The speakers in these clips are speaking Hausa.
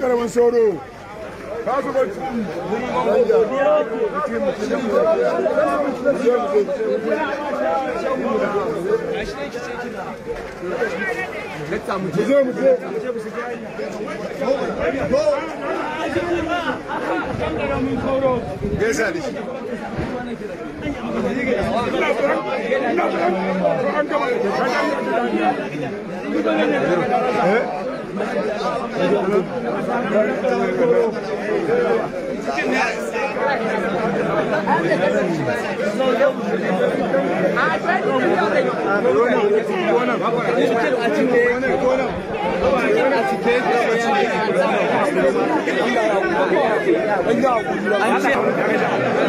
karamin sauro Gezer işte. An ce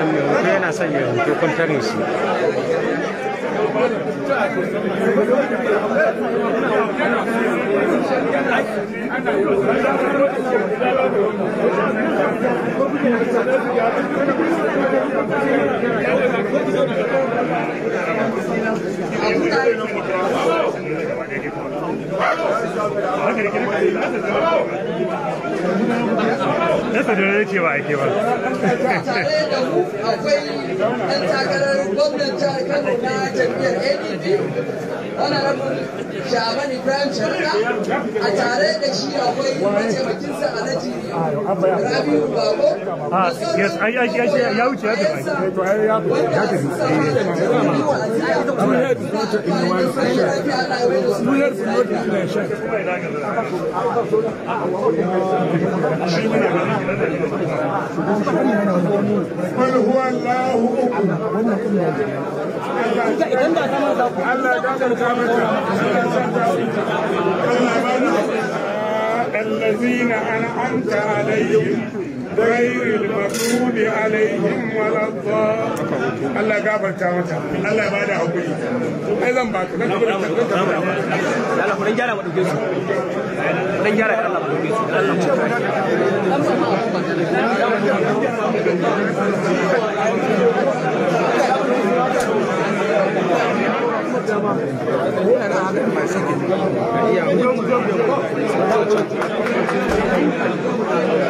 nan mai yana son ya hoto kwantarin shi Thank you. na sadar da cewa ake ba tare da mu akwai ɗan takarar gwamnan jihar kano na jam'iyyar adp honorable shaban ibrahim sharka a tare da shi akwai mataimakinsa alhaji rabiu babo yes ai ai ai ya wuce ya tafi eh, to ai ya tafi ya tafi قل هو الله الله الذين انعمت عليهم غير المغضوب عليهم ولا الضالين الله غفرتا متى الله يبارك حقوقي اي زن باك لا تبرك لا تبرك الله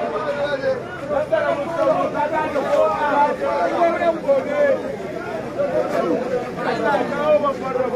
Calma, Fernando.